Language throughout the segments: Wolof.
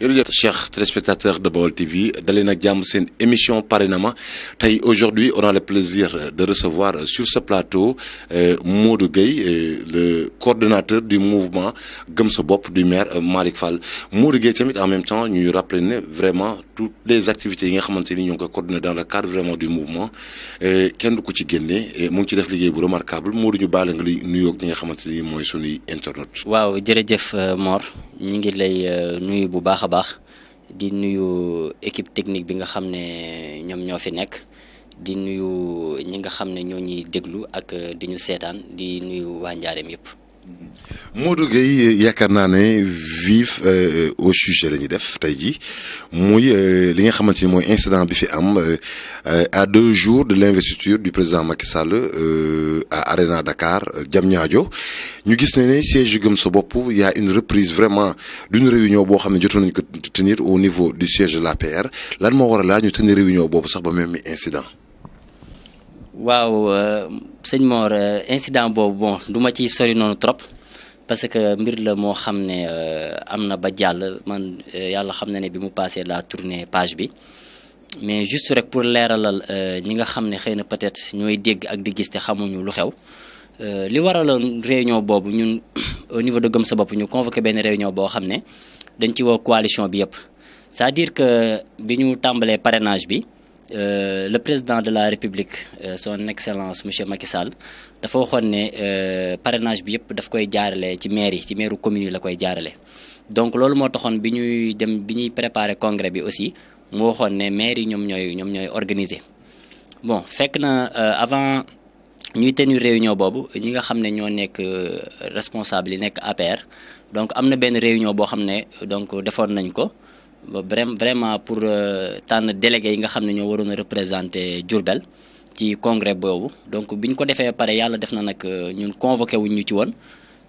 jërëjëf chers téléspectateurs de Baol TV dalee nag jàmm seen émission Paré Nama tey aujourd'hui on a le plaisir de recevoir sur ce plateau euh, Modou Gueye euh, le coordonnateur du mouvement Gëm sa bopp du maire euh, Malick Fall Modou Gueye tamit en même temps ñu rappeler ne vraiment toutes les activités yi nga xamante ni ñoo ngi koy coordonner dans le cadre vraiment du mouvement kenn du ko ci génne mu ngi ci def liggéey bu remarquable Modou ñu baale nga li nuyoo ak ñi nga xamante ni mooy sunuy internet. waaw bu baax a baax di nuyu équipe technique bi nga xam ne ñoom ñoo fi nekk di nuyu ñi nga xam ne ñoo ñuy déglu ak euh, di ñu seetaan di nuyu waa Njaareem yëpp. Modou Gueye yaakaar naa ne vif euh, au sujet la ñuy def tey jii muy euh, li nga xamante ni mooy incident bi fi am euh, à deux jours de l'investiture du président Macky Sall à Arena Dakar Diamniadio ñu gis ne ne siège yu sa bopp y a une reprise vraiment d'une réunion boo xam ne jotu nañu ko tenir au niveau du siège de l'APR lan moo war a laa ñu tenir réunion boobu sax ba même mi incident. waaw sëñ Mor incident boobu bon du ma ciy sori noonu trop. parce que mbir la moo xam ne euh, am na ba jàll man euh, yàlla xam na ne bi mu passé la tournée page bi mais juste rek pour leeralal euh, ñi nga xam ne xëy na peut-être ñooy dégg ak di gis te xamuñu lu xew li waraloon réunion boobu ñun au niveau de Gëm sa bopp ñu convoqué benn réunion boo xam ne dañ ci woo coalition bi yëpp c'est-à-dire que bi ñu tàmbalee parrainage bi. Euh, le président de la république euh, son excellence monsieur Macky Sall dafa waxoon ne euh, parrainage bi yëpp daf koy jaarale ci maire yi ci mairu commune yi la koy jaarale donc loolu moo taxoon bi ñuy dem bi ñuy préparer congrès bi aussi moo waxoon ne maire yi ñoom ñooy ñoom ñooy organiser bon fekk na euh, avant ñuy tenir réunion boobu ñi nga xam ne ñoo nekk euh, responsable yi nekk APR donc am na benn réunion boo xam ne donc defoon nañ ko vraiment pour euh, tànn délégué yi nga xam ne ñoo waroon a représenter Diourbel ci congrès boobu donc bi ñu ko defee pare yàlla def na nag euh, ñun convoqué wu ñu ci woon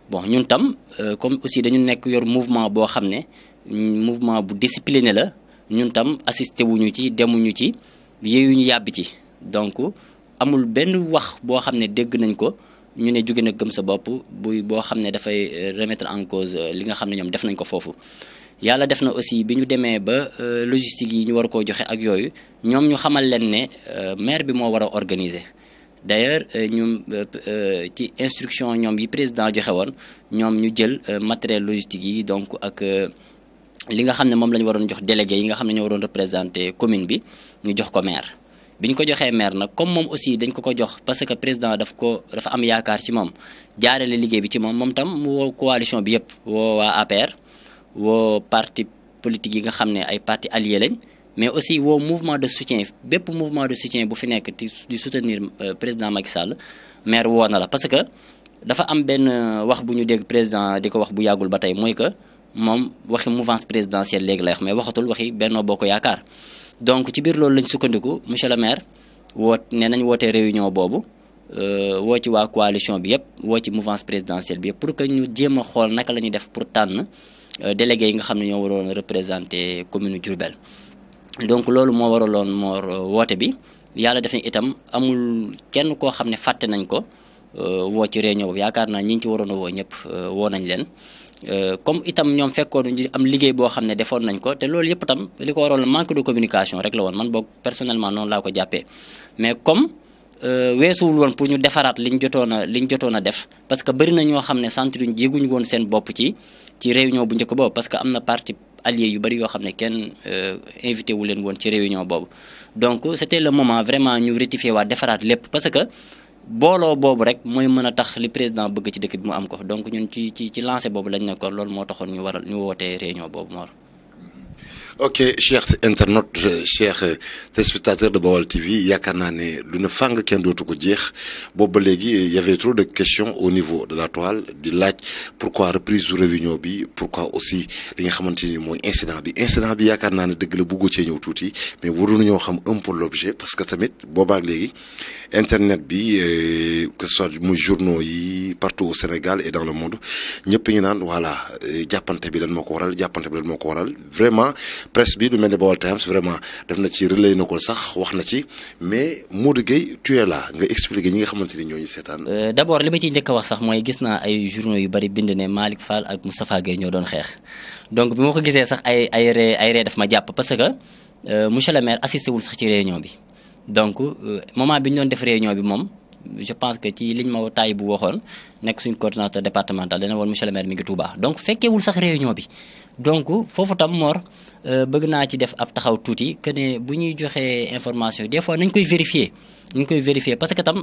bon ñun tam euh, comme aussi dañu nekk yor mouvement boo xam ne mouvement bu discipliné la ñun tam assisté wuñu ci demuñu ci ñu yàbbi ci donc amul benn wax boo xam ne dégg nañ ko ñu ne jóge na gëm sa bopp buy boo xam ne dafay remettre en cause li nga xam ne ñoom def nañ ko foofu yàlla def na aussi bi ñu demee ba euh, logistique yi ñu war koo joxe ak yooyu ñoom ñu xamal leen ne euh, maire bi moo war a organiser d'ailleurs euh, ñu ci instruction ñoom yi président joxe woon ñoom ñu jël matériel logistique yi donc ak li nga xam ne moom la ñu waroon jox délégué yi nga xam ne ñoo waroon représenter commune bi ñu jox ko maire bi ñu ko joxee maire nag comme moom aussi dañ ko ko jox parce que président daf ko dafa am yaakaar ci moom jaarale liggéey bi ci moom moom tam mu woo coalition bi yëpp woo woo parti politique yi nga xam ne ay parti allié lañ mais aussi woo mouvement de soutien bépp mouvement de soutien bu fi nekk di soutenir euh, président Macky Sall maire woo na la parce que dafa am benn euh, wax bu ñu dégg président di ko wax bu yàggul ba tey mooy que moom waxi mouvance présidentielle léegi la wax mais waxatul waxi Benno Bokk Yaakaar donc ci biir loolu lañ sukkandiku monsieur le maire woo nee nañu wootee réunion boobu euh, woo ci waa coalition bi yëpp woo ci mouvance présidentielle yëpp pour que ñu jéem a xool naka la ñuy def pour tànn Euh, délégués yi nga xam ne ñoo waroon représenté commune Diourbel donc loolu moo loon moor euh, woote bi yàlla def itam amul kenn koo xam ne fàtte nañ ko euh, woo ci réunion ñëw yaakaar naa ñi ñu ci waroon woo ñëpp woo nañ leen comme itam ñoom fekkoon ñu am liggéey boo xam ne defoon nañ ko te loolu yëpp tam li ko waroon manque de communication rek la woon man boog personnellement noonu laa ko jàppee mais comme Euh, weesuwul woon pour ñu defaraat liñ jotoon a liñ jotoon a def parce que bëri na ñoo xam ne centurion jéeguñu woon seen bopp ci ci réunion bu njëkk boobu parce que am na parti allié yu bëri yoo xam ne kenn euh, invité wu leen woon ci réunion boobu donc te le moment vraiment ñu rectifier waa defaraat lépp parce que booloo boobu rek mooy mën a tax li président bëgg ci dëkk bi mu am ko donc ñun ci ci ci lancé boobu lañ nekkoon loolu moo taxoon ñu waral ñu wootee réunion boobu moor ok chers internet chers euh, téléspectateurs de Baol TV yaakaar naa ne lu ne fàng kenn dootu ko jeex boobu ba léegi euh, y avait trop de question au niveau de la toile di laaj pour pourquoi reprise du réunion bi pourquoi aussi li nga xamante ni mooy incident bi incident bi yaakaar naa ne dëgg la bëggoo cee ñëw tuuti mais waroon ñoo xam un pour l'objet parce que tamit boobaak léegi internet bi euh, que ce soit muy journaux yi partout au Sénégal et dans le monde ñëpp ñu naan voilà jàppante bi lan moo ko waral jàppante bi lan moo ko waral vraiment presse bi du mel ne Baol Times vraiment def na ci relay na ko sax wax na ci mais mu Gueye tu es la nga expliquer ñi nga xamante ni ñooñu seetaan. Euh, d' li ma ci njëkk a wax sax mooy gis naa ay journaux yu bari bind ne Malick Fall ak Moustapha Gueye ñoo doon xeex donc bi ma ko gisee sax ay ay ree ay ree ma jàpp parce que euh, monsieur le maire assisté wul sax ci réunion bi donc euh, moment bi ñu doon def ñoo bi moom. je pense que ci liñ ma taay bu waxoon nekk suñ coordinateur départemental dana woon monsieur le maire mi ngi Touba donc fekkeewul sax réunion bi donc foofu tam Mor euh, bëgg naa ci def ab taxaw tuuti que ne bu ñuy joxee information des fois nañ koy vérifier ñu koy vérifier parce que tam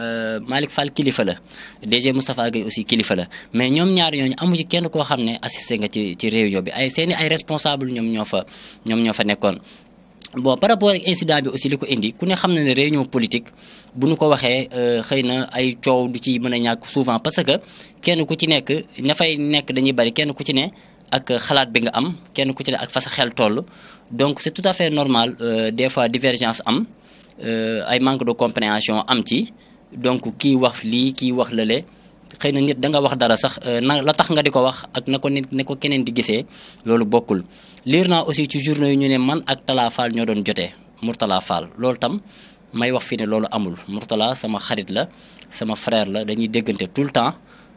euh, Malick Fall kilifa la DG Moustapha Gueye aussi kilifa la mais ñoom ñaar ñooñu amu ci kenn koo xam ne assisté nga ci ci réunion bi ay seeni ay responsable ñoom ñoo fa ñoom ñoo fa nekkoon. bon par rapport ak incident bi aussi li ko indi ku ne xam na ne réunion politique bu nu ko waxee euh, xëy na ay coow du ci mën a ñàkk souvent parce que kenn ku ci nekk ña nekk dañuy bari kenn ku ci ne. ak xalaat bi nga am kenn ku ci ne ak fa sa xel toll donc c'est tout à fait normal euh, des fois divergence am euh, ay manque de compréhension am ci donc kii wax lii kii wax lële xëy na nit da nga wax dara sax euh, na la tax nga di ko wax ak na ko nit ne ko keneen di gisee loolu bokkul liir naa aussi ci journaux yi ñu ne man ak Talla Fall ñoo doon jotee Mourtala Fall loolu tam may wax fii ne loolu amul Mourtala sama xarit la sama frère la dañuy déggante tout le temps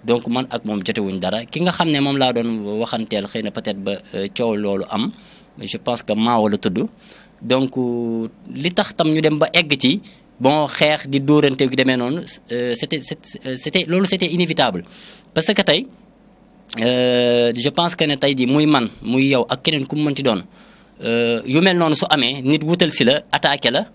donc man ak moom jotewuñ dara ki nga xam ne moom laa doon waxanteel xëy na peut-être ba euh, coow loolu am je pense que Mao la tudd donc euh, li tax tam ñu dem ba egg ci bon xeex di dóorante gi demee noonu euh, c'était c'était loolu c'était inévitable parce que tey je pense que ne tey jii muy man muy yow ak keneen ku mu mënti doon yu mel noonu su amee nit wutal si la attaqué la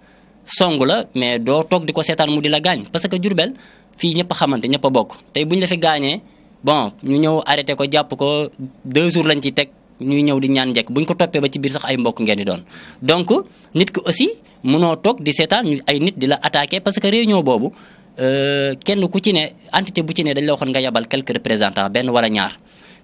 song la mais doo toog di ko seetaan mu di la gaañ parce que Diourbel fii ñëpp xamante ñëpp a bokk tey bu ñu la fi gaañee bon ñu ñëw arrêté ko jàpp ko deux jours lañ ci teg ñuy ñëw di ñaan njekk buñ ko toppee ba ci biir sax ay mbokk ngeen di doon. donc nit ki aussi mënoo toog di seetaan ay nit di la attaque parce que réunion boobu euh, kenn ku ci ne entité bu ci ne dañ la waxoon nga yabal quelques représentants benn wala ñaar.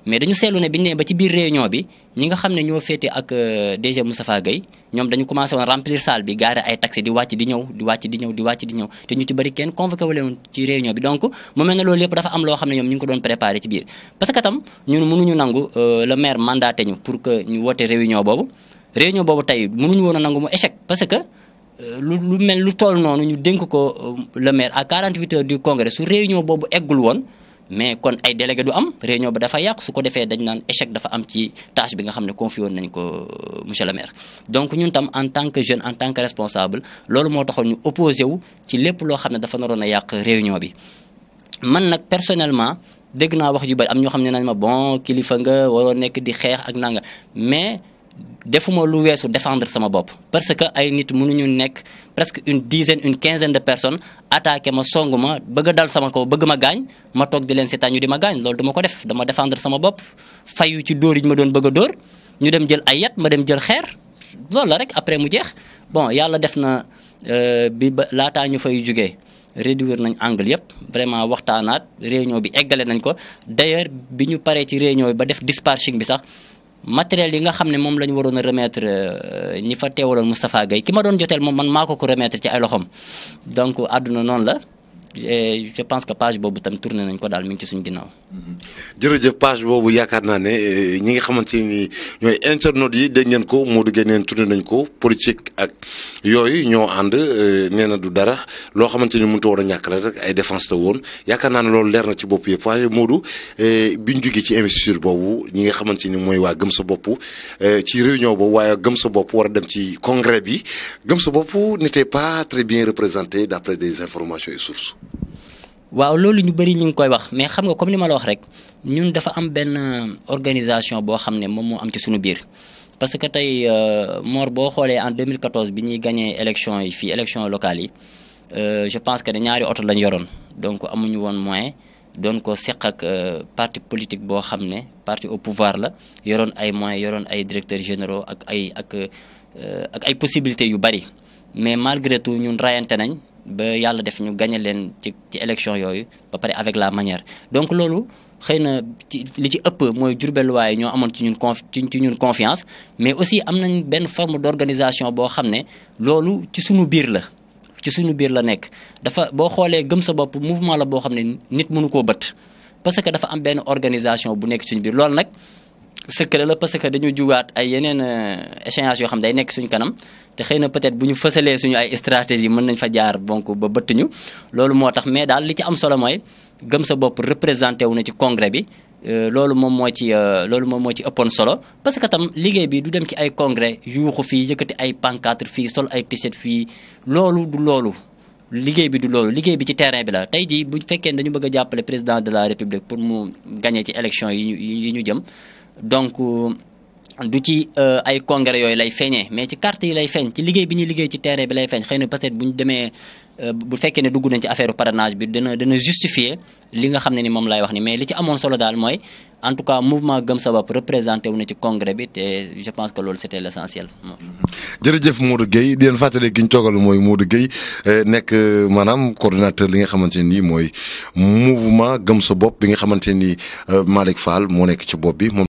mais dañu seetlu ne bi ñu ba ci biir réunion bi ñi nga xam ne ñoo féete ak euh, DG Moustapha Gueye ñoom dañu commencé woon remplir salle bi gaare ay taxi di wàcc di ñëw di wàcc di ñëw di wàcc di te ñu ci bëri kenn convoqué wu leen ci réunion bi donc mu mel ne loolu lépp dafa am loo xam ne ñoom ñu ngi ko doon préparé ci biir parce mënuñu nangu euh, le maire mandaté ñu pour que ñu woote réunion boobu réunion boobu tey mënuñu woon a nangu mu échec parce que euh, lu lu mel lu toll noonu ñu dénk ko le maire à 48 heures du congrès su réunion boobu eggul woon mais kon ay délégué du am réunion ba dafa yàqu su ko defee dañ naan échec dafa am ci tâche bi nga xam ne confié nañ ko euh, monsieur le maire donc ñun tam en tant que jeune en tant que responsable loolu moo taxoon ñu opposé wu ci lépp loo xam ne dafa naroon a yàq réunion bi man nag personnellement dégg naa wax ju bari am ñoo xam ne nañ ma bon kilifa nga waroo nekk di xeex ak nanga mais defuma lu weesu défendre sama bopp parce que ay nit nu mënuñu nekk presque une dizaine une quinzaine de personnes attaqué ma song ma bëgg a dal sama kaw bëgg ma gaañ ma toog di leen seetaan ñu di ma gaañ loolu dama ko def dama défendre sama bopp fayu ci dóor yi ñu ma doon bëgg a dóor ñu dem jël ay yat ma dem jël xeer loolu la rek après mu jeex bon yàlla def na euh, bi ba laataa ñu fay jugee réduire nañ angle yëpp vraiment waxtaanaat réunion bi eggale nañ ko d'ailleurs bi paree ci réunion bi ba def dispatching bi sax matériel yi nga xam ne moom la ñu waroon a remettre euh, ñi fa teewaloon Moustapha Guèye ki ma doon joteel moom man maa ko ko remettre ci ay loxoom donc àdduna noonu la. Eh, je pense que page boobu tamit tourné nañ ko daal mi ngi ci suñ ginnaaw. jërëjëf page boobu yaakaar naa ne eh, ñi nga xamante nii ñooy internautes yi dégg ngeen ko moo Gueye neen tourné nañ ko politique ak yooyu ñoo ànd eh, nee na du dara loo xamante ni mënut a war a ñàkk la rek ay défense la woon yaakaar naa ne loolu leer na ci bopp yëpp waaye Modou biñ jógee ci investiture boobu ñi nga xamante ni mooy waa gëm sa bopp ci réunion boobu waaye gëm sa bopp war a dem ci congrès bi gëm sa bopp n'était pas très bien représenté d'après des informations et waaw loolu ñu bëri ñu ngi koy wax mais xam nga comme ni ma la wax rek ñun dafa am benn euh, organisation boo xam ne moom moo am ci suñu biir. parce que tey euh, Mor boo xoolee en 2014 bi ñuy gagné élection yi fii élection locale yi euh, je pense que ne ñaari oto lañ yoroon donc amuñu woon moyen doon ko seq ak parti politique boo xam ne parti au pouvoir la yoroon ay moyens yoroon ay directeurs généraux ak ay ak ak ay possibilités yu bari mais malgré tout ñun rayante nañ. ba yàlla def ñu gagné leen ci ci élection yooyu ba pare avec la manière donc loolu xëy na li ci ëpp mooy jurbeluwaay ñoo amoon ci ñun conf ci ñun confiance mais aussi am nañ benn forme d'organisation boo xam ne loolu ci suñu biir la ci suñu biir la nekk dafa boo xoolee gëm sa bopp mouvement la boo xam ne nit munu koo bët parce que dafa am benn organisation bu nekk suñu biir loolu nag secret la parce que dañu jugaat ay yeneen euh, échéances yoo xam day nekk suñ kanam te xëy na peut-être bu ñu fësalee suñu ay stratégie mën nañ fa jaar donc ba bëtt ñu loolu moo tax mais daal li ci am solo mooy gëm sa bopp représenté wu na ci congrès bi euh, loolu moom moo ci euh, loolu moom moo ci ëppoon solo parce que tam liggéey bi du dem ci ay congrès yuuxu fii yëkkati ay pancarte fii sol ay t-shirt fii loolu du loolu liggéey bi du loolu liggéey bi ci terrain bi la tey jii bu fekkee dañu bëgg jàppale président de la république pour mu gagner ci élection yi ñu yi ñu jëm donc du ci euh, ay congrès yooyu lay feeñee mais ci carte yi lay feeñ ci liggéey bi ñuy liggéey ci terrain bi lay feeñ xëy na peut-être bu ñu demee euh, bu fekkee ne dugg nañ ci affaire parrainage bi dana dana justifier li nga xam ne ni moom laay wax ni mais li ci amoon solo daal mooy en tout cas mouvement Gëm Sa Bopp représenté wu na ci congrès bi te je pense que loolu c'était l'essentiel. jërëjëf Modou Guèye di leen fàttali gi ñu toogal mooy Modou Guèye euh, nekk maanaam coordonnateur li nga xamante ne nii mooy mouvement Gëm Sa Bopp bi nga xamante ni Malick Fall moo nekk ci bopp bi. moom